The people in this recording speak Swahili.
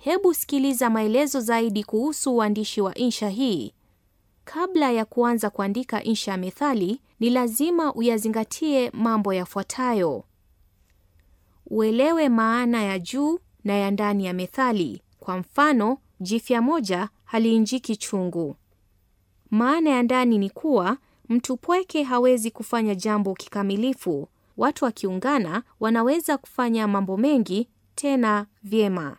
Hebu sikiliza maelezo zaidi kuhusu uandishi wa insha hii. Kabla ya kuanza kuandika insha ya methali, ni lazima uyazingatie mambo yafuatayo: uelewe maana ya juu na ya ndani ya methali. Kwa mfano, jifya moja haliinjiki chungu. Maana ya ndani ni kuwa mtu pweke hawezi kufanya jambo kikamilifu. Watu wakiungana wanaweza kufanya mambo mengi tena vyema.